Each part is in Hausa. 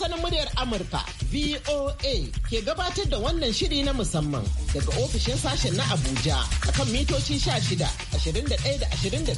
sansanin muryar Amurka VOA ke gabatar da wannan shiri na musamman daga ofishin sashen na Abuja akan mitoci 16, 21 da 25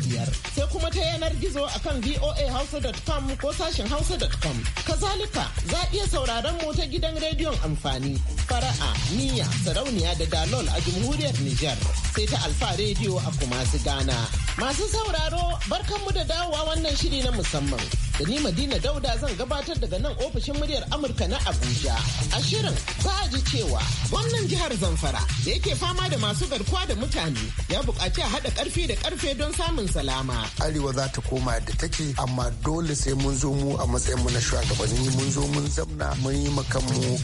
sai kuma ta yanar gizo akan voahouse.com ko sashen hausa.com. Kazalika za a iya sauraron mu ta gidan rediyon amfani fara'a niyya sarauniya da dalol a jamhuriyar Nijar sai ta alfa rediyo a kumasi gana Masu sauraro barkanmu da dawowa wannan shiri na musamman. da ni Madina Dauda zan gabatar daga nan ofishin muryar Amurka na Abuja. A shirin za a ji cewa gwamnan jihar Zamfara da yake fama da masu garkuwa da mutane ya buƙaci a haɗa ƙarfi da ƙarfe don samun salama. Arewa za ta koma da take amma dole sai mun zo mu a matsayin mu na shugabanni mun zo mun zamna mun yi mu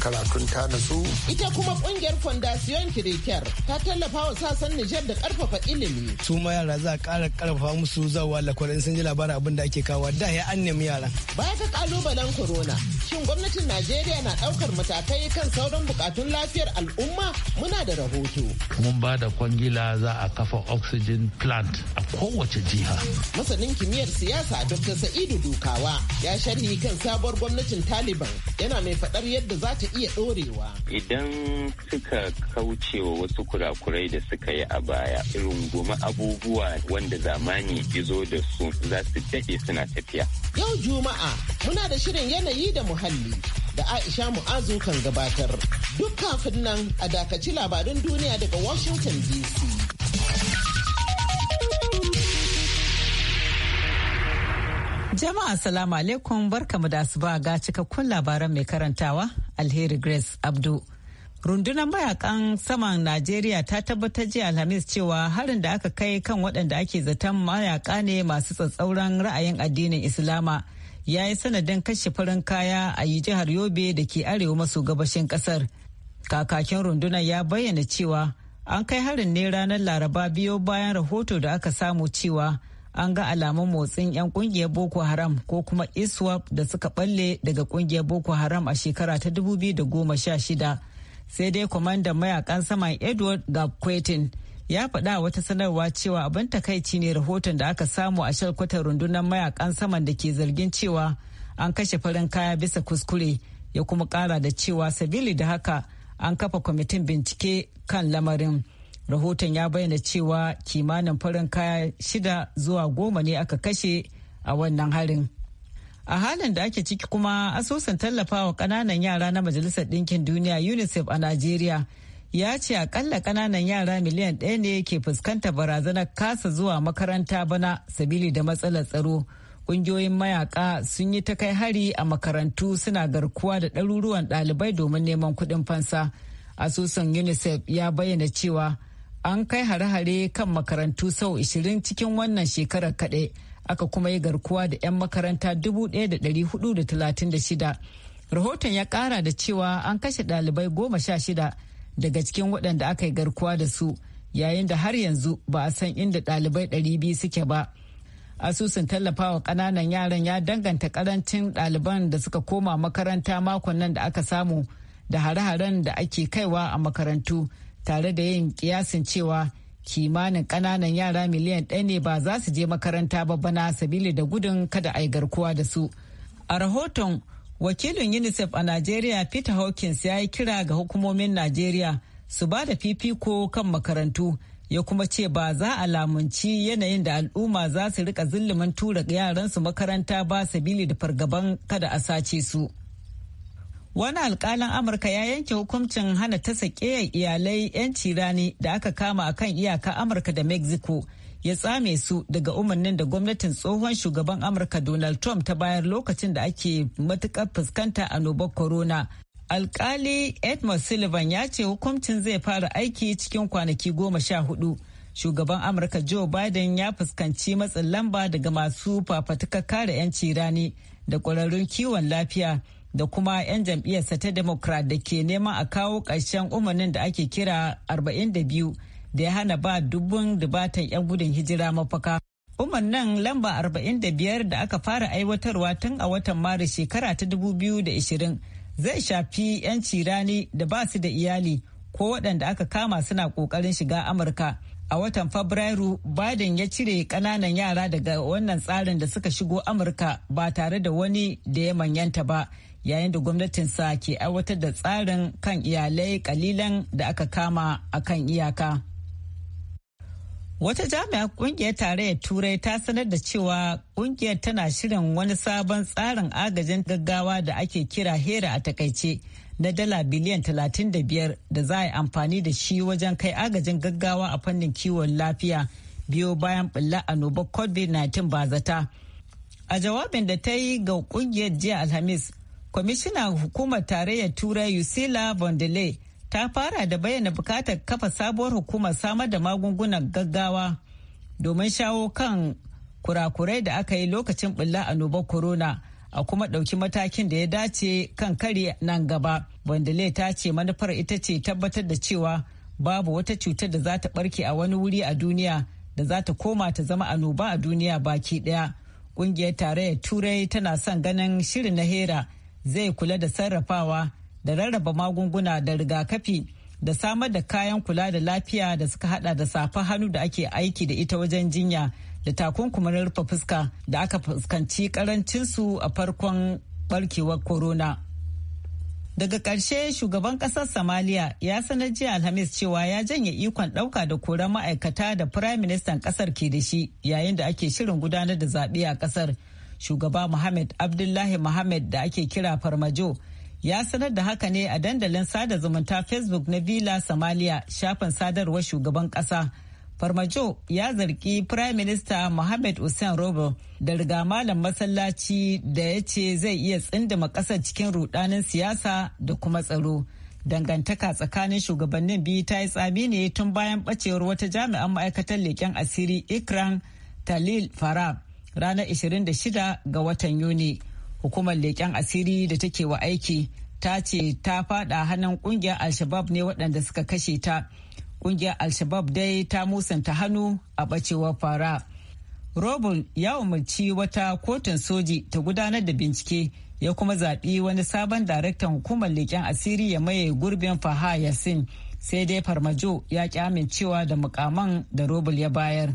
karatun ta nasu. Ita kuma ƙungiyar Fondasiyon Kirikiyar ta tallafa wa sassan Nijar da ƙarfafa ilimi. Su ma yara za a ƙara ƙarfafa musu zawa lakwarin sun ji labarin abin da ake kawo da ya an yara. Baya ga kalubalen corona, shin gwamnatin Najeriya na ɗaukar matakai kan sauran bukatun lafiyar al'umma muna da rahoto. Mun ba da kwangila za a kafa oxygen plant a kowace jiha. Masanin kimiyyar siyasa Dr. Sa'idu Dukawa ya sharhi kan sabuwar gwamnatin Taliban yana mai faɗar yadda za ta iya ɗorewa. Idan suka kauce wa wasu kurakurai da suka yi a baya, irin goma abubuwa wanda zamani izo da su za su daɗe suna tafiya. Yau Juma'a muna da shirin yanayi da muhalli. da Aisha Mu'azu kan gabatar. Duk kafin nan a dakaci labarin duniya daga Washington DC. Jama'a salamu alaikum barkamu da asuba ga cikakkun labaran mai karantawa Alheri Grace Abdu. Rundunar mayakan saman Najeriya ta tabbatar jiya Alhamis cewa harin da aka kai kan waɗanda ake zaton mayaka ne masu tsatsauran ra'ayin addinin Islama ya yi sanadin kashe farin kaya a yi jihar Yobe da ke arewa maso gabashin ƙasar. Kakakin rundunar ya bayyana cewa an kai harin ne ranar Laraba biyo bayan rahoto da aka samu cewa an ga alamun motsin 'yan kungiyar boko haram ko kuma iswap da suka balle daga kungiyar boko haram a shekara ta 2016 sai dai kwamandan mayakan saman edward gabquetin ya faɗa wata sanarwa cewa abin takaici ne rahoton da aka samu a shalkwatar rundunar mayakan saman da ke zargin cewa an kashe farin kaya bisa kuskure ya kuma ƙara da cewa sabili da haka an kafa kwamitin bincike kan lamarin. rahoton ya bayyana cewa kimanin farin kaya shida zuwa goma ne aka kashe a wannan harin a halin da ake ciki kuma asusun tallafawa kananan yara na majalisar ɗinkin duniya unicef a najeriya ya ce akalla kananan yara miliyan ɗaya ne ke fuskanta barazanar kasa zuwa makaranta bana sabili da matsalar tsaro ƙungiyoyin mayaka sun yi ta kai hari a makarantu suna garkuwa da ɗaruruwan ɗalibai domin neman kuɗin fansa asusun unicef ya bayyana cewa an kai hare-hare kan makarantu sau 20 cikin wannan shekarar kaɗai aka kuma yi garkuwa da 'yan makaranta 1,436 rahoton ya ƙara da cewa an kashe ɗalibai goma sha shida daga cikin waɗanda aka yi garkuwa da su yayin da har yanzu ba a san inda ɗalibai 200 suke ba asusun tallafawa ƙananan yaran ya danganta ƙarancin ɗaliban da suka koma makaranta makon nan da aka samu da hare-haren da ake kaiwa a makarantu. tare da yin kiyasin cewa kimanin ƙananan yara miliyan ɗaya ne ba za su je makaranta ba bana sabili da gudun kada a yi garkuwa da su. A rahoton wakilin UNICEF a Najeriya Peter Hawkins ya yi kira ga hukumomin Najeriya su ba da fifiko kan makarantu ya kuma ce ba za a lamunci yanayin da al'umma za su rika zilliman tura yaransu makaranta ba sabili da fargaban kada a sace su. Wani alkalin Amurka ya yanke hukuncin hana ta sake iyalai 'yanci rani da aka kama a kan iyaka Amurka da Mexico ya tsame su daga umarnin da gwamnatin tsohon shugaban Amurka Donald Trump ta bayar lokacin da ake matukar fuskanta annobar corona. Alkali Edmund Sullivan ya ce hukuncin zai fara aiki cikin kwanaki goma sha hudu. Shugaban Amurka Joe Biden ya fuskanci matsin lamba daga masu fafatukar kare 'yanci rani da kwararrun kiwon lafiya. da kuma 'yan jam'iyyarsa ta democrat da ke nema a kawo ƙarshen umarnin da ake kira 42 da ya hana ba dubun dubatan 'yan gudun hijira mafaka umarnin lamba 45 da aka fara aiwatarwa tun a watan maris shekara ta 2020 zai shafi yanci rani da ba su da iyali ko waɗanda aka kama suna ƙoƙarin shiga amurka a watan fabrairu biden ya cire ƙananan yara daga wannan tsarin da suka shigo amurka ba tare da wani da ya manyanta ba yayin da gwamnatin sa ke aiwatar da tsarin kan iyalai kalilan da aka kama a kan iyaka. Wata jami'a kungiyar tarayyar turai ta sanar da cewa kungiyar tana shirin wani sabon tsarin agajin gaggawa da ake kira hera a takaice na dala biliyan 35 da za a yi amfani da shi wajen kai agajin gaggawa a fannin kiwon lafiya biyo bayan bulla annobar covid-19 bazata A jawabin da ta yi ga kungiyar jiya Alhamis, kwamishinan hukumar tarayyar turai Yusila von ta fara da bayyana bukatar kafa sabuwar hukumar samar da magungunan gaggawa domin shawo kan kurakurai da aka yi lokacin bulla annobar corona a kuma ɗauki matakin da ya dace kan kare nan gaba bandale ta ce manufar ita ce tabbatar da cewa babu wata cutar da za ta barke a wani wuri a duniya da za ta koma ta zama annoba a duniya baki ɗaya ƙungiyar tarayyar turai tana son ganin shirin na hera zai kula da sarrafawa da rarraba magunguna da rigakafi da samar da kayan kula da lafiya da suka hada da safa hannu da ake aiki da ita wajen jinya da takunkumin rufe fuska da aka fuskanci karancinsu a farkon barkewar corona. Daga ƙarshe shugaban ƙasar Somalia ya sanar jiya Alhamis cewa ya janye ikon ɗauka da koran ma'aikata da Firayim Ministan ƙasar ke da shi yayin da ake shirin gudanar da zaɓe a ƙasar. shugaba Muhammad Abdullahi Muhammad da ake kira Farmajo ya sanar da haka ne a dandalin sada zumunta Facebook na Villa Somalia shafin sadarwar shugaban kasa. Farmajo ya zargi Prime Minister Mohamed Hussein Robo da riga malam masallaci da ya ce zai iya tsindima ƙasar cikin rudanin siyasa da kuma tsaro. Dangantaka tsakanin shugabannin biyu ta yi tsami ne tun bayan ɓacewar wata jami'an ma'aikatar leƙen asiri Ikran Talil Farab ranar 26 ga watan Yuni. Hukumar leƙen asiri da take wa aiki ta ce ta fada hannun ƙungiyar Alshabab ne waɗanda suka kashe ta. Ƙungiyar Alshabab dai ta musanta hannu a ɓacewar fara. Robin ya umarci wata kotun soji ta gudanar da bincike ya kuma zaɓi wani sabon daraktan hukumar leƙen asiri ya maye gurbin Faha Yasin sai dai Farmajo ya ƙyamin cewa da mukaman da Robin ya bayar.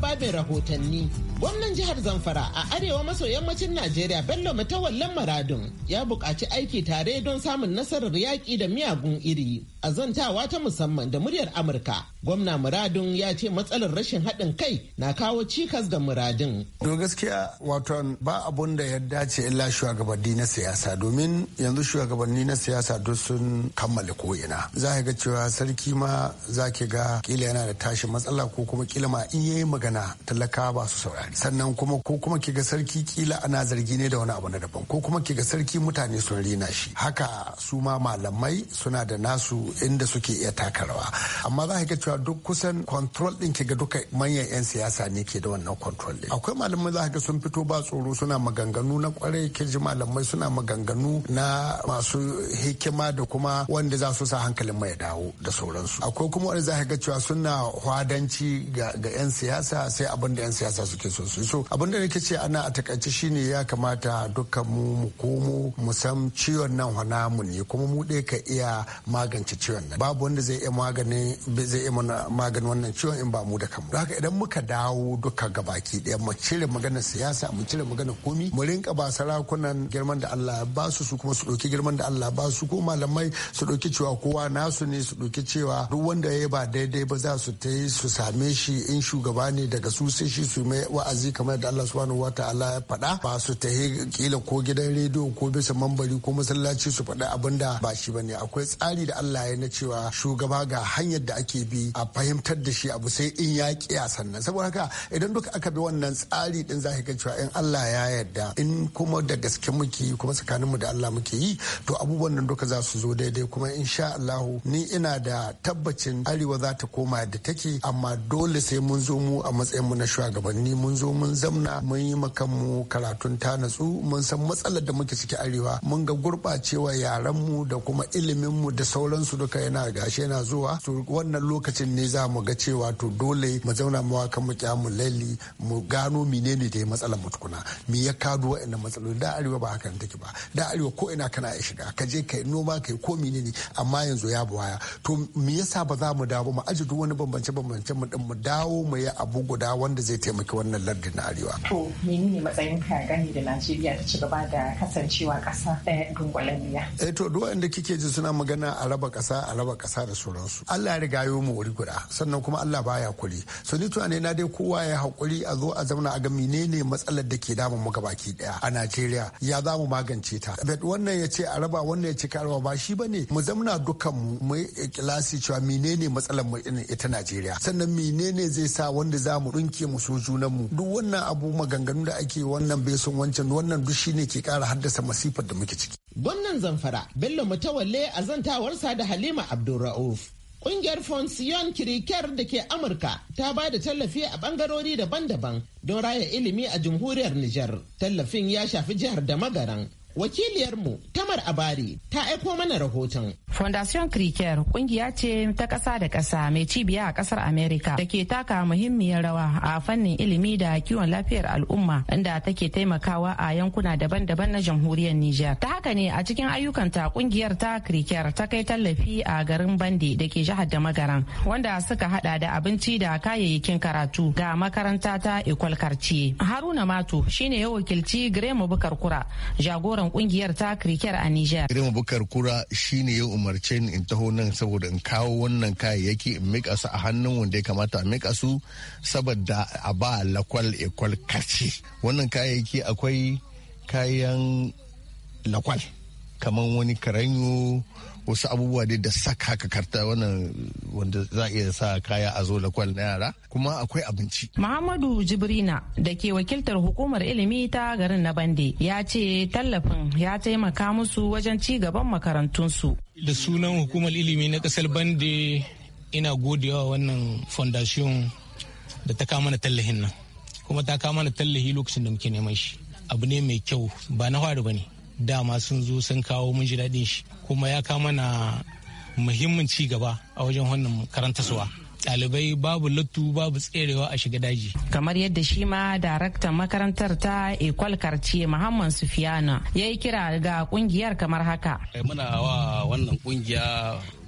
babin rahotanni gwamnan jihar zamfara a arewa maso yammacin najeriya bello mutawallan maradun ya buƙaci aiki tare don samun nasarar yaƙi da miyagun iri a zantawa ta musamman da muryar amurka gwamna muradun ya ce matsalar rashin haɗin kai na kawo cikas da muradun to gaskiya wato ba abun da ya dace illa shugabanni na siyasa domin yanzu shugabanni na siyasa duk sun kammala ko'ina za ga cewa sarki ma za ga kila yana da tashi matsala ko kuma kila ma in yayi magana talaka ba su saurari sannan kuma ko kuma kiga sarki kila ana zargi ne da wani abu na daban ko kuma kiga sarki mutane sun rina shi haka su ma malamai suna da nasu inda suke iya takarwa amma za ka cewa duk kusan control din kiga duka manyan 'yan siyasa ne ke da wannan control din akwai malamai za ka sun fito ba tsoro suna maganganu na kwarai kirji malamai suna maganganu na masu hikima da kuma wanda za su sa hankalin mai dawo da sauransu akwai kuma wanda za ka ga cewa suna hwadanci ga 'yan siyasa sai abin da 'yan siyasa suke so su so abin da nake ce ana a takaice shine ya kamata dukkan mu mu komo mu san ciwon nan hana mu ne kuma mu dai ka iya magance ciwon nan babu wanda zai iya magani zai iya magani wannan ciwon in ba mu da kanmu haka idan muka dawo duka gabaki daya mu cire maganar siyasa mu cire maganar komi mu rinka ba sarakunan girman da Allah ya ba su su kuma su ɗauki girman da Allah ba su ko malamai su ɗauki cewa kowa nasu ne su ɗauki cewa duk wanda ya ba daidai ba za su ta su same shi in shugaba ne daga su sai shi su mai wa'azi kamar da Allah subhanahu wa ta'ala ya faɗa ba su tahi kila ko gidan rediyo ko bisa mambari ko masallaci su faɗa abin da ba shi bane akwai tsari da Allah ya na cewa shugaba ga hanyar da ake bi a fahimtar da shi abu sai in ya kiya sannan saboda haka idan duka aka bi wannan tsari din za ka cewa in Allah ya yarda in kuma da gaske muke yi kuma mu da Allah muke yi to abubuwan nan duka za su zo daidai kuma insha Allah ni ina da tabbacin arewa za ta koma yadda take amma dole sai mun zo mu a matsayin matsayinmu na shugabanni mun zo mun zamna mun yi makanmu karatun ta natsu mun san matsalar da muke ciki arewa mun ga gurɓacewa yaranmu da kuma iliminmu da sauransu duka yana gashi yana zuwa to wannan lokacin ne za mu ga cewa to dole mu zauna mu waka mu kya mu laili mu gano menene da ya matsalar mu tukuna me ya kado wa'annan matsaloli da arewa ba haka take ba da arewa ko ina kana ya shiga ka je kai noma kai ko menene amma yanzu ya buwaya to me yasa ba za mu dawo mu ajiye duk wani bambance bambance mu din mu dawo mu yi abu guda wanda zai taimaki wannan lardin na arewa. To menene matsayin ka gani da Najeriya ta ci gaba da kasancewa ƙasa ɗaya dunkulaniya? Eh to duk wanda kike ji suna magana a raba kasa a raba kasa da sauransu. Allah ya riga yo mu wuri guda sannan kuma Allah baya kuri. So ni tunani na dai kowa ya hakuri a zo a zauna a ga menene matsalar da ke damun muka baki ɗaya a Najeriya ya za mu magance ta. wannan ya ce a raba wannan ya ce ka raba ba shi bane mu zauna dukkan mu mu kilasi cewa menene matsalar mu ita Najeriya sannan menene zai sa wanda za mu rinke mu so junanmu duk wannan abu maganganu da ake wannan sun wancan wannan duk shine ke kara haddasa masifar da muke ciki. Gwamnan Zamfara Bello Mutawalle a zantawarsa da Halima Abdulra'uf. Kungiyar Fonsiyon Kirikiyar da ke Amurka ta ba da tallafi a bangarori daban-daban don raya ilimi a jamhuriyar Nijar. Tallafin ya shafi jihar da magaran. Wakiliyarmu Tamar Abari ta aiko mana rahoton. Fondation Cricket kungiya ce ta ƙasa da ƙasa mai cibiya a ƙasar Amerika da ke taka muhimmiyar rawa a fannin ilimi da kiwon lafiyar al'umma inda take taimakawa a yankuna daban-daban na jamhuriyar Nijar. Ta haka ne a cikin ayyukanta kungiyar ta Cricket ta kai tallafi a garin Bandi da ke jihar da Magaran wanda suka hada da abinci da kayayyakin karatu ga makaranta ta Ikwal Karci. Haruna Mato shine ya wakilci Gremu Bukar Kura jagoran kungiyar ta Cricket a Nijar. Gremu Bukar Kura shine ya umarce ni in taho nan saboda in kawo wannan kayayyaki in mika su a hannun wanda ya kamata a mika su saboda a ba lakwal ekwal kace wannan kayayyaki akwai kayan lakwal kamar wani karanyo wasu abubuwa dai da saka haka karta wannan wanda za iya sa kaya a zo da kwal na yara kuma akwai abinci. Muhammadu Jibrina da ke wakiltar hukumar ilimi ta garin na Bande ya ce tallafin ya taimaka musu wajen ci gaban makarantunsu. Da sunan hukumar ilimi na kasar Bande ina godewa wannan fondation da ta kama na tallahin nan kuma ta kama na tallahi lokacin da muke neman shi abu ne mai kyau ba na faru ba ne dama sun zo sun kawo mun ji daɗin shi kuma ya kama na muhimmin ci gaba a wajen wannan karantaswa ɗalibai babu lattu babu tserewa a shiga daji. Kamar yadda shi ma daraktan makarantar ta Ekwal Karce Muhammad Sufiyana ya yi kira ga kungiyar kamar haka. Muna wa wannan kungiya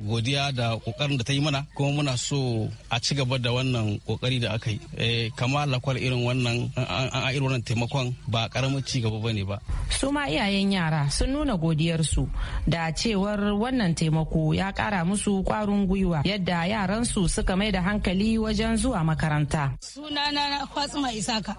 godiya da kokarin da ta yi mana kuma muna so a ci gaba da wannan kokari da aka yi eh, kama lakwal irin wannan an irin wannan taimakon ba karamin ci gaba bane ba su ma iyayen yara sun nuna godiyarsu da cewar wannan taimako ya kara musu kwarin gwiwa yadda yaransu suka mai da hankali wajen zuwa makaranta sunana fatima isaka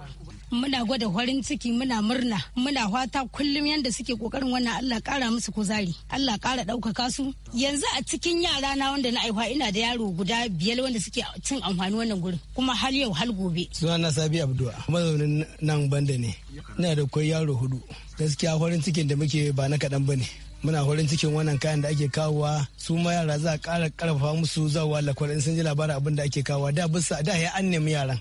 muna gwada farin ciki muna murna muna fata kullum yanda suke kokarin wannan Allah kara musu kuzari Allah kara ɗaukaka su yanzu a cikin yara na wanda na aihuwa ina da yaro guda biyar wanda suke cin amfani wannan gurin kuma har yau har gobe sunana Sabi Abdua mazaunin nan banda ne ina da kwai yaro hudu gaskiya farin cikin da muke ba na kadan bane muna horin cikin wannan kayan da ake kawowa su ma yara za a kara karfafa musu zawa lakwarin sun ji labarin abin da ake kawowa da bisa da ya an nemi yaran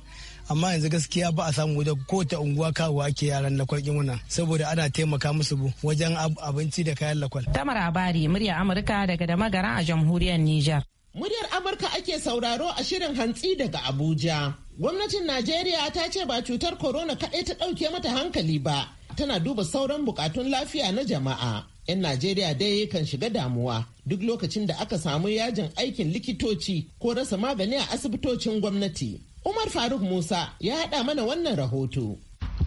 amma yanzu gaskiya ba a samu wajen ta unguwa kawo ake yaran lakwal wannan saboda ana taimaka musu wajen abinci da kayan lakwal. Tamar Abari murya Amurka daga da magara a jamhuriyar Nijar. Muryar Amurka ake sauraro a shirin hantsi daga Abuja. Gwamnatin Najeriya ta ce ba cutar korona kaɗai ta ɗauke mata hankali ba, tana duba sauran bukatun lafiya na jama'a. 'Yan Najeriya dai kan shiga damuwa duk lokacin da aka samu yajin aikin likitoci ko rasa magani a asibitocin gwamnati. Umar Faruk Musa ya haɗa mana wannan rahoto.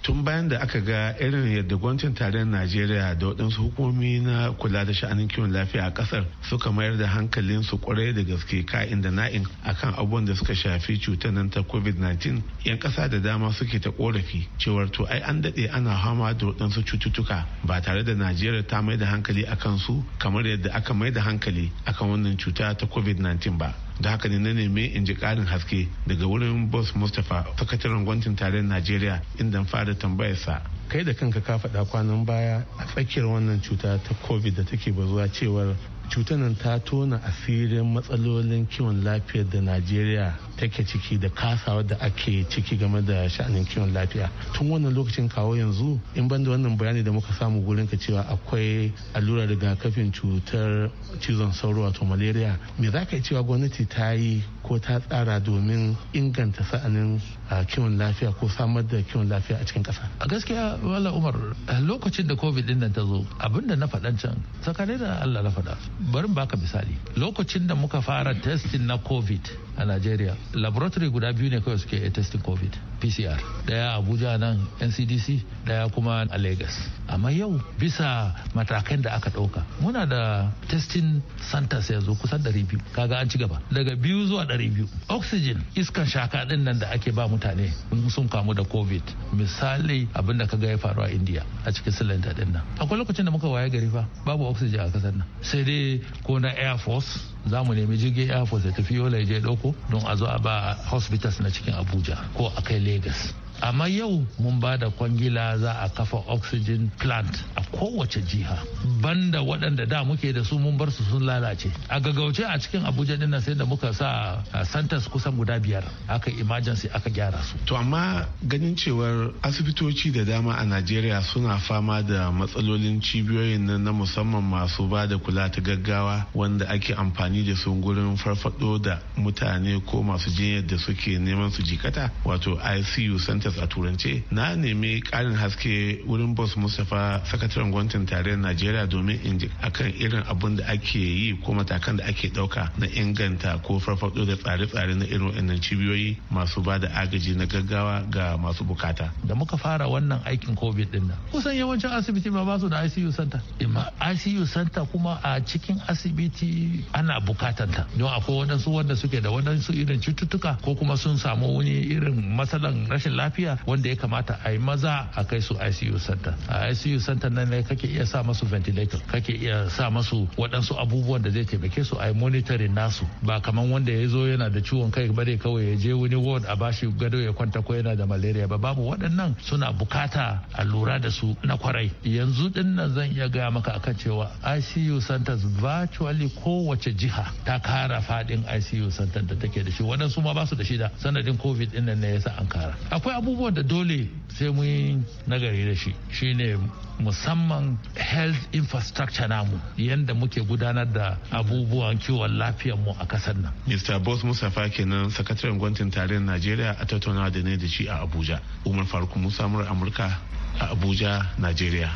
tun bayan da aka ga irin yadda gwamnatin tarayyar najeriya da waɗansu hukumomi na kula da sha'anin kiwon lafiya a ƙasar suka mayar da hankalin su ƙwarai da gaske ka'in da na'in akan abubuwan da suka shafi cutar nan ta covid-19 yan ƙasa da dama suke ta ƙorafi cewar to ai an daɗe ana hama da waɗansu cututtuka ba tare da najeriya ta mai da hankali akan su kamar yadda aka mai da hankali akan wannan cuta ta covid-19 ba da haka ne na neme in ji karin haske daga wurin boss mustapha sakataren gwamnatin tarayyar najeriya inda fara tambayarsa kai da kanka ka faɗa kwanan baya a tsakiyar wannan cuta ta covid da take bazuwa cewar cutar nan ta tona asirin matsalolin kiwon lafiyar da najeriya take ciki da kasawa da ake ciki game da sha'anin kiwon lafiya tun wannan lokacin kawo yanzu in banda wannan bayani da muka samu gurin ka cewa akwai allurar rigakafin cutar cizon sauro wato malaria me za ka yi cewa gwamnati ta yi ko ta tsara domin inganta sa'anin kiwon lafiya ko samar da kiwon lafiya a cikin kasa. a gaskiya wala umar lokacin da covid din nan ta zo abinda na faɗan can tsakanin da allah na faɗa bari baka misali lokacin da muka fara testing na covid a Najeriya laboratory guda biyu ne kawai suke testing covid pcr daya abuja nan ncdc daya kuma a lagos amma yau bisa matakan da aka ɗauka muna da testing centers yanzu kusan 200 kaga an ci gaba daga biyu zuwa 200 oxygen iskan shaka din nan da ake ba mutane sun kamu da covid misali abinda da kaga ya faru a india a cikin silinda din nan akwai lokacin da muka waye gari fa babu oxygen a kasar nan sai dai ko na air force za mu nemi jirgin force da tafi yola je dauko don a zo a ba hospitals na cikin abuja ko a kai legas. amma yau mun ba da kwangila za a kafa oxygen plant a kowace jiha banda waɗanda da muke da su mun bar su sun lalace a gaggauce a cikin abuja din nan sai da muka sa santas kusan guda biyar aka emergency aka gyara su to amma ganin cewar asibitoci da dama a najeriya suna fama da matsalolin cibiyoyin nan na musamman masu ba da kula ta gaggawa wanda ake amfani da su gurin farfado da mutane ko masu jinyar da suke neman su jikata wato icu center reuters a turance na nemi karin haske wurin boss mustapha sakataren gwamnatin tarayyar najeriya domin in ji akan irin abunda da ake yi ko matakan da ake dauka na inganta ko farfado da tsare-tsare na irin wannan cibiyoyi masu ba da agaji na gaggawa ga masu bukata da muka fara wannan aikin covid din nan kusan yawancin asibiti ma ba su da icu center icu center kuma a cikin asibiti ana bukatanta don akwai waɗansu wanda suke da waɗansu irin cututtuka ko kuma sun samu wani irin matsalan rashin lafiya lafiya wanda ya kamata a yi maza a kai su ICU center a ICU center nan ne kake iya sa masu ventilator kake iya sa masu waɗansu abubuwan da zai taimake su a yi monitoring nasu ba kamar wanda ya zo yana da ciwon kai bare kawai ya je wani ward a bashi gado ya kwanta ko yana da malaria ba babu waɗannan suna bukata a lura da su na kwarai yanzu din nan zan iya gaya maka akan cewa ICU centers virtually kowace jiha ta kara fadin ICU center da take da shi waɗansu ma ba su da shida sanadin covid ɗin nan ne sa an kara akwai abubuwan da dole sai mun yi nagari da shi shine musamman health infrastructure namu yadda muke gudanar da abubuwan kiwon lafiyar mu a kasar nan. Mr. Boss Fake nan sakataren gwamnatin tarihin Najeriya a tattaunawa da ne da shi a Abuja. Umar Faruk Musa Amurka a Abuja, Najeriya.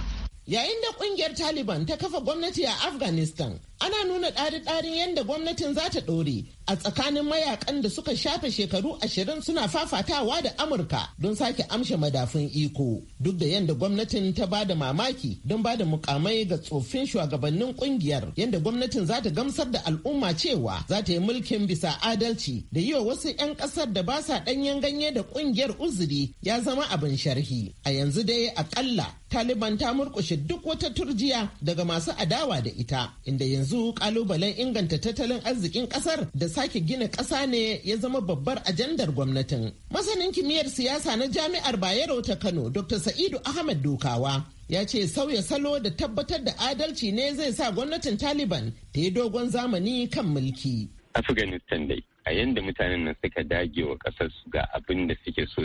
Yayin da kungiyar Taliban ta kafa gwamnati a Afghanistan, ana nuna ɗari-ɗarin yadda gwamnatin za ta ɗore a tsakanin mayakan da suka shafe shekaru ashirin suna fafatawa da Amurka don sake amshe madafun iko. Duk da yadda gwamnatin ta ba da mamaki don ba da mukamai ga tsoffin shugabannin kungiyar yadda gwamnatin za ta gamsar da al'umma cewa za ta yi mulkin bisa adalci da yi wa wasu 'yan ƙasar da ba sa ɗanyen ganye da kungiyar uzuri ya zama abin sharhi. A yanzu dai akalla Taliban ta murkushe duk wata turjiya daga masu adawa da ita, inda yanzu kalubalen inganta tattalin arzikin kasar da sake gina kasa ne ya zama babbar ajandar gwamnatin. Masanin kimiyyar siyasa na Jami'ar Bayero ta Kano, Dr. Sa'idu Ahmad Dokawa, ya ce sauya salo da tabbatar da adalci ne zai sa gwamnatin Taliban ta yi dogon zamani kan mulki. Afghanistan dai, a yanda mutanen nan suka dage wa kasar su ga abin da suke so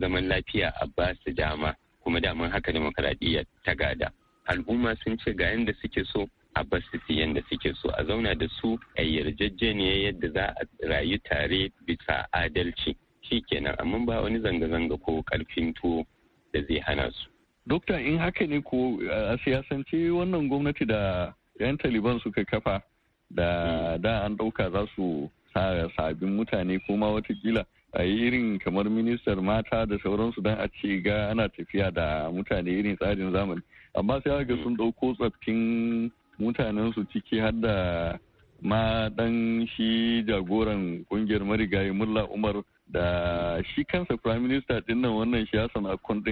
zaman lafiya a ba su dama kuma daman haka demokaradiyya ta gada al'umma sun ce ga yadda suke so a bar su yadda suke so a zauna da su a yarjejeniya yadda za a rayu tare bisa adalci shi kenan amma ba wani zanga-zanga ko karfin tuwo da zai hana su dokta in haka ne ko a siyasance wannan gwamnati da 'yan taliban suka kafa da hmm. da an ɗauka za su sabin sabbin mutane kuma watakila a yi irin kamar ministar mata da sauransu don a ce ga ana tafiya da mutane irin tsarin zamani amma sai ga sun ɗauko tsaffin mutanensu ciki har da ma dan shi jagoran kungiyar marigayi mulla umar da shi kansa prime minister wannan shi hassan akon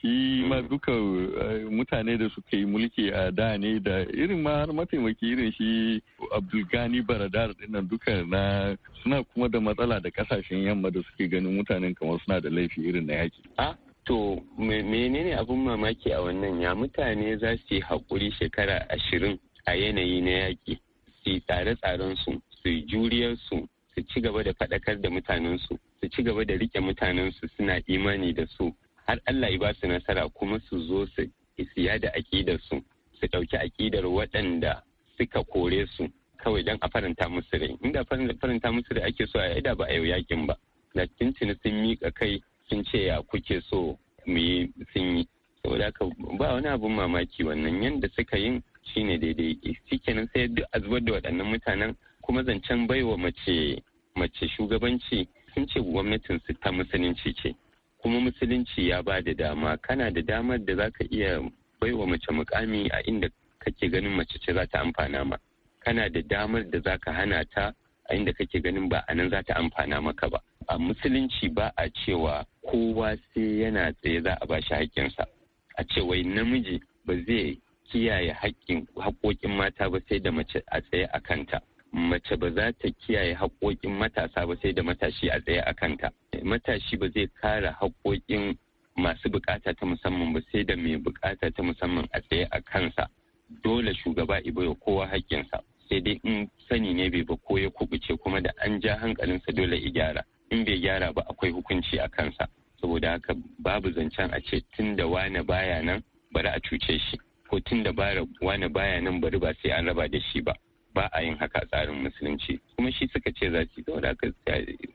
shi ma duka eh, mutane da suka yi mulki a da ne da irin ma har mataimaki irin shi abdulgani baradar dinnan duka na suna kuma da matsala da kasashen yamma da suke ganin mutanen kamar suna da laifi irin na yaki to menene abun mamaki a wannan ya mutane za su yi haƙuri shekara ashirin a yanayi na yaƙi su tsare-tsaren su su juriyar su su ci gaba da faɗakar da mutanensu su ci gaba da riƙe mutanensu suna imani da su har Allah ya ba su nasara kuma su zo su siya da akidar su su ɗauki akidar waɗanda suka kore su kawai don a faranta musu rai inda faranta musu rai ake so a da ba a yau yakin ba da tuntuni sun miƙa kai sun ce ya kuke so mu yi sun yi saboda haka ba wani abun mamaki wannan yanda suka yin shine daidai shikenan sai duk a da waɗannan mutanen kuma zancen baiwa mace mace shugabanci sun ce gwamnatin su ta musulunci ce kuma musulunci ya ba da dama kana da damar da za ka iya baiwa mace mukami a inda kake ganin mace ce za ta amfana ma kana da damar da za ka hana ta a inda kake ganin ba a nan za ta amfana maka ba a musulunci ba a cewa kowa sai yana tsaye za a ba shi haƙƙinsa a ce wai namiji ba zai kiyaye haƙƙin mata ba sai da mace a tsaye a kanta mace ba za ta kiyaye haƙoƙin matasa ba sai da matashi a tsaye a kanta matashi ba zai kare haƙoƙin masu bukata ta musamman ba sai da mai bukata ta musamman a tsaye a kansa dole shugaba ibo kowa haƙƙinsa sai dai in sani ne bai ba ko ya kubuce kuma da an ja hankalinsa dole ya gyara in bai gyara ba akwai hukunci a kansa saboda haka babu zancen a ce tun da wane baya nan bari a cuce shi ko tun da wane baya nan bari ba sai an raba da shi ba ba a yin haka a tsarin musulunci kuma shi suka ce za su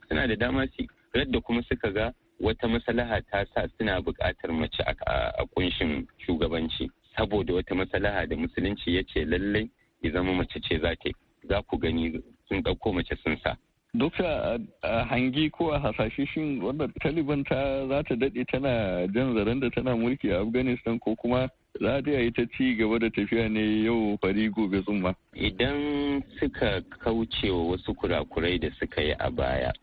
suna da dama su yadda kuma suka ga wata masalaha ta sa suna bukatar mace a kunshin shugabanci saboda wata masalaha da musulunci ya ce lallai ya zama mace ce za ta za ku gani sun ɗauko mace sun sa. Dokta a hangi ko a hasashe shin wanda Taliban ta za ta daɗe tana jan zaren da tana mulki a Afghanistan ko kuma lafiya ita ci gaba da tafiya ne yau fari gobe tsumma. Idan suka kauce wa wasu kurakurai da suka yi a baya,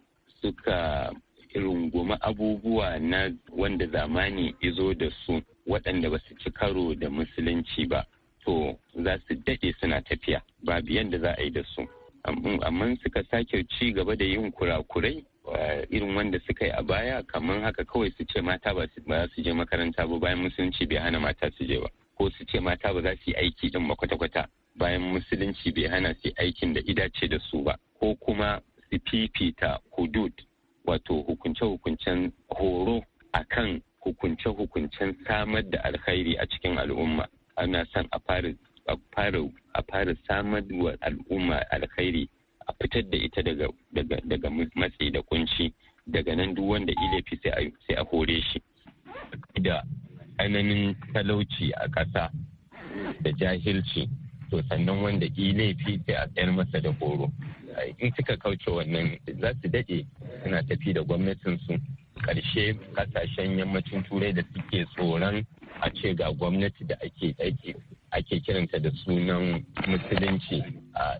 suka rungumi abubuwa na wanda zamani izo da su waɗanda ba su ci karo da musulunci ba, to za su daɗe suna tafiya, Ba babu da za a yi da su. Amma suka sake ci gaba da yin kurakurai Eh, irin wanda suka yi a baya kamar haka kawai su ce mata ba su je makaranta ba bayan musulunci bai hana mata su je ba ko su ce mata ba za su yi aiki din ba kwata-kwata bayan musulunci bai hana su aikin da idace da su ba ko kuma su fifita hudud wato hukunce-hukuncen horo akan hukunce-hukuncen samar da alkhairi a cikin al'umma ana son a fara samar da al'umma alkhairi a fitar da ita daga daga matsi da kunci daga nan duk wanda ilefi sai a hore shi da tsananin talauci a ƙasa da jahilci to sannan wanda ilefi sai a tsayar masa da horo in suka kauce wannan za su daɗe suna tafi da gwamnatin su ƙarshe ƙasashen yammacin turai da suke tsoron a ce ga gwamnati da ake aiki ake kiranta da sunan musulunci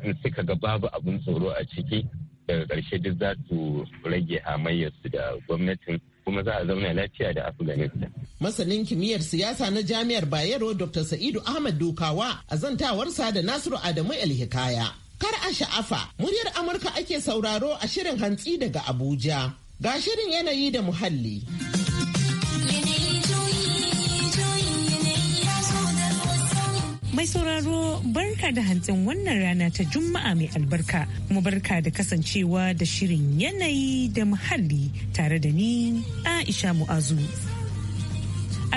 in suka ga babu abin tsoro a ciki daga ƙarshe duk za su rage hamayyarsu da gwamnatin kuma za a zauna lafiya da afghanistan masanin kimiyyar siyasa na jami'ar bayero dr sa'idu ahmad dukawa a zantawarsa da nasiru adamu elhikaya kar a sha'afa muryar amurka ake sauraro a shirin hantsi daga abuja Ga shirin yanayi da muhalli. Mai sauraro barka da hantsin wannan rana ta Juma'a mai albarka, mu barka da kasancewa da shirin yanayi da muhalli tare da ni Aisha Mu'azu.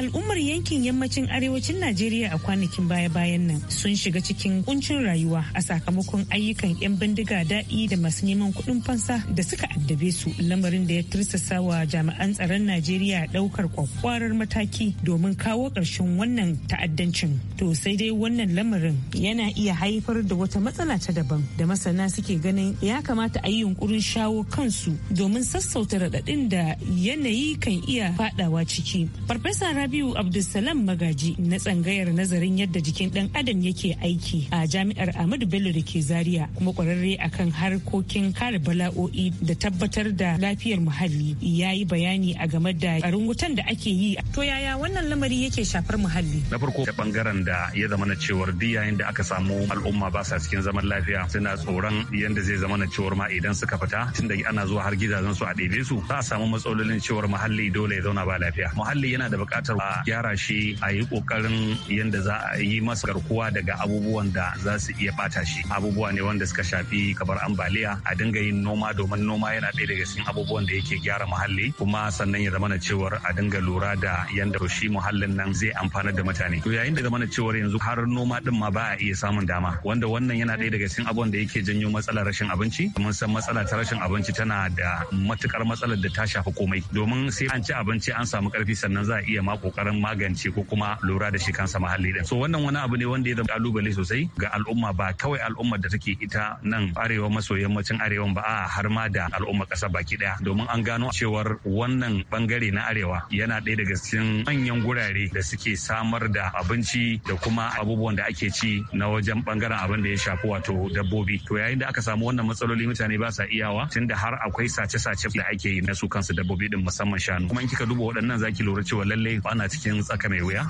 al'ummar yankin yammacin arewacin najeriya a kwanakin baya-bayan nan sun shiga cikin kuncin rayuwa a sakamakon ayyukan 'yan bindiga daɗi da masu neman kuɗin fansa da suka addabe su lamarin da ya tirsasa wa jami'an tsaron najeriya ɗaukar kwakwarar mataki domin kawo ƙarshen wannan ta'addancin to sai dai wannan lamarin yana iya haifar da wata matsala ta daban da masana suke ganin ya kamata a yi yunkurin shawo kansu domin sassauta raɗaɗin da yanayi kan iya faɗawa ciki farfesa Rabiu Abdulsalam Magaji na tsangayar nazarin yadda jikin ɗan adam yake aiki a jami'ar Ahmadu Bello da ke Zaria kuma kwararre akan harkokin kare bala'o'i da tabbatar da lafiyar muhalli ya yi bayani a game da ƙarin wutan da ake yi. To yaya wannan lamari yake shafar muhalli? Na farko ta bangaren da ya zama na cewar duk yayin da aka samu al'umma ba sa cikin zaman lafiya suna tsoron yadda zai zama na cewar ma idan suka fita tun da ana zuwa har gidajen su a ɗebe su za a samu matsalolin cewar muhalli dole ya zauna ba lafiya. Muhalli yana da buƙatar makarantar a gyara shi a yi kokarin yadda za a yi masa garkuwa daga abubuwan da za su iya bata shi abubuwa ne wanda suka shafi kamar ambaliya a dinga yin noma domin noma yana ɗaya daga cikin abubuwan da yake gyara muhalli kuma sannan ya zama na cewar a dinga lura da yadda shi muhallin nan zai amfana da mutane to yayin da zama na cewar yanzu har noma din ma ba a iya samun dama wanda wannan yana ɗaya daga cikin abubuwan da yake janyo matsalar rashin abinci mun san matsala ta rashin abinci tana da matukar matsalar da ta shafi komai domin sai an ci abinci an samu karfi sannan za a iya ma kokarin magance ko kuma lura da shi kansa mahalli din so wannan wani abu ne wanda ya zama kalubale sosai ga al'umma ba kawai al'umma da take ita nan arewa maso yammacin arewa ba a har ma da al'ummar kasa baki daya domin an gano cewar wannan bangare na arewa yana ɗaya daga cikin manyan gurare da suke samar da abinci da kuma abubuwan da ake ci na wajen bangaren abin da ya shafi wato dabbobi to yayin da aka samu wannan matsaloli mutane ba sa iyawa tunda har akwai sace-sace da ake yi na su kansu dabbobi din musamman shanu kuma in kika duba waɗannan zaki lura cewa lallai ana cikin tsaka mai wuya?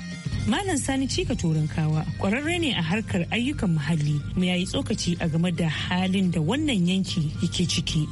Malam Sani Cika Turankawa kwararre ne a harkar ayyukan muhalli mu yayi tsokaci a game da halin da wannan yanki yake ciki.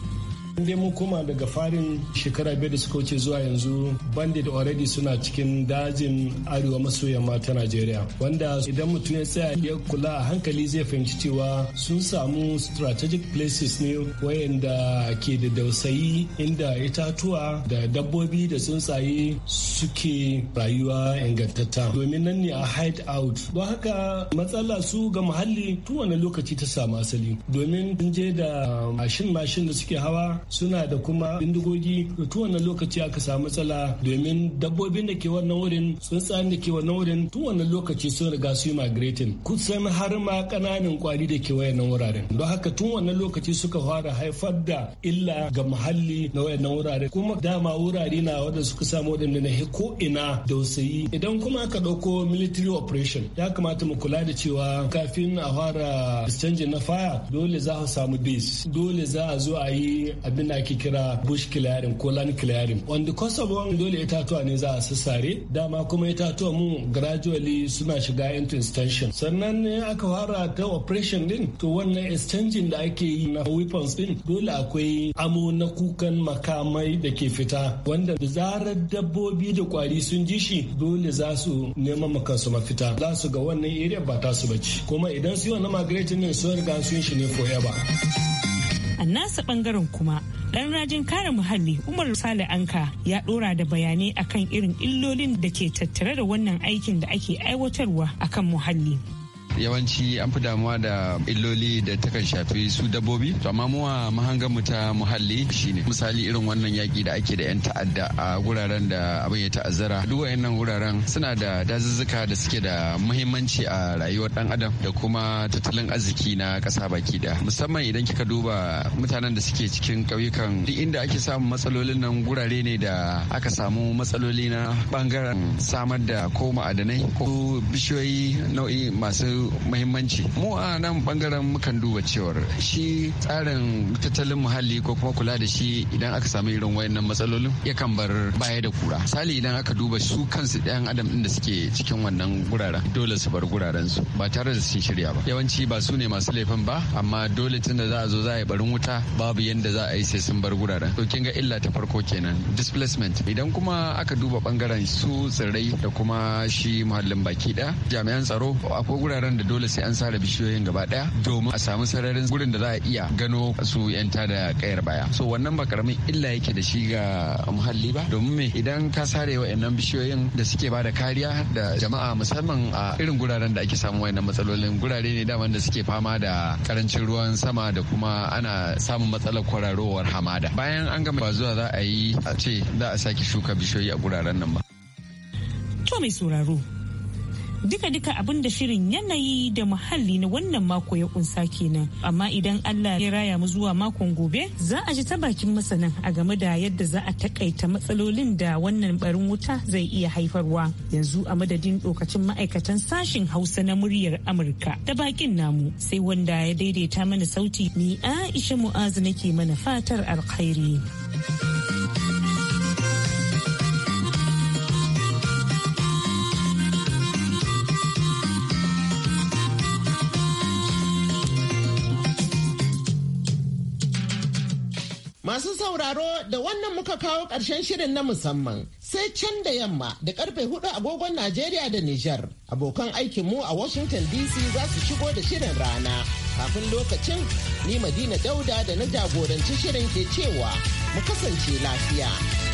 dai mun koma daga farin shekara biyar da suka wuce zuwa yanzu bandit already suna cikin dajin arewa maso yamma ta najeriya wanda idan mutum ya tsaya ya kula a hankali zai fahimci cewa sun samu strategic places ne wayanda ke da dausayi inda itatuwa da dabbobi da tsuntsaye suke rayuwa ingantatta domin nan ne a hide out don haka matsala su ga muhalli tun wani lokaci ta samu asali domin je da ah, mashin mashin da suke hawa suna da kuma bindigogi tun wannan lokaci aka samu matsala domin dabbobin da ke wannan wurin tsuntsayen da ke wannan wurin tun wannan lokaci sun riga su yi migrating kusan har ma kananan kwari da ke wayannan wuraren don haka tun wannan lokaci suka fara haifar da illa ga muhalli na wayannan wurare kuma dama wurare na wanda suka samu wadanda na ko ina da dausayi idan kuma aka dauko military operation ya kamata mu kula da cewa kafin a fara exchange na faya dole za a samu base dole za a zo a yi abin abin da ake kira bush clearing ko land clearing wanda one dole itatuwa ne za a sassare dama kuma itatuwa mu gradually suna shiga into extension sannan ne aka fara ta operation din to wannan extension da ake yi na weapons din dole akwai amo na kukan makamai da ke fita wanda da zarar dabbobi da kwari sun ji shi dole za su nema makansu mafita za su ga wannan area ba ta su bace kuma idan su yi wannan migrating din sun riga sun shi ne forever. a nasa bangaren kuma ɗan rajin kare muhalli umar sale anka ya ɗora da bayanai akan irin illolin da ke tattare da wannan aikin da ake aiwatarwa akan muhalli yawanci an fi damuwa da illoli da kan shafi su dabbobi to amma mu a mahangan mu ta muhalli shine misali irin wannan yaki da ake da yan ta'adda a guraren da abin ya ta'azzara duk wayannan guraren suna da dazuzzuka da suke da muhimmanci a rayuwar dan adam da kuma tattalin arziki na kasa baki da musamman idan kika duba mutanen da suke cikin ƙauyukan duk inda ake samun matsalolin nan gurare ne da aka samu matsaloli na bangaren samar da ko ma'adanai ko bishiyoyi nau'i masu muhimmanci mu a nan bangaren mukan duba cewar shi tsarin tattalin muhalli ko kuma kula da shi idan aka samu irin wayannan matsalolin yakan bar baya da kura sali idan aka duba su kansu ɗayan adam ɗin da suke cikin wannan guraren dole su bar guraren su ba tare da sun shirya ba yawanci ba su ne masu laifin ba amma dole tun da za a zo za a yi barin wuta babu yadda za a yi sai sun bar guraren to kin ga illa ta farko kenan displacement idan kuma aka duba bangaren su tsirrai da kuma shi muhallin baki ɗaya jami'an tsaro akwai guraren da dole sai an sare bishiyoyin gaba daya domin a samu sararin gurin da za a iya gano su yanta da kayar baya so wannan ba karamin illa yake da shi ga muhalli ba domin me idan ka sare wayannan bishiyoyin da suke ba da kariya da jama'a musamman a irin guraren da ake samu wayannan matsalolin gurare ne daman da suke fama da karancin ruwan sama da kuma ana samun matsalar kwararowar hamada bayan an gama zuwa za a yi a ce za a sake shuka bishiyoyi a guraren nan ba to mai sauraro Duka-duka abin da shirin yanayi da muhalli na wannan mako ya kunsa kenan. Amma idan Allah ya raya mu zuwa makon gobe za a ji ta bakin masanan a game da yadda za a takaita matsalolin da wannan barin wuta zai iya haifarwa. Yanzu a madadin lokacin ma'aikatan sashen Hausa na muryar Amurka da bakin namu sai wanda ya daidaita mana sauti ni Aisha Mu'azu nake mana fatar alkhairi. suka kawo ƙarshen shirin na musamman sai can da yamma da karfe hudu agogon Najeriya da Nijar. Abokan aikin mu a Washington DC za su shigo da shirin rana. Kafin lokacin ni Madina Dauda da na jagoranci shirin ke cewa mu kasance lafiya.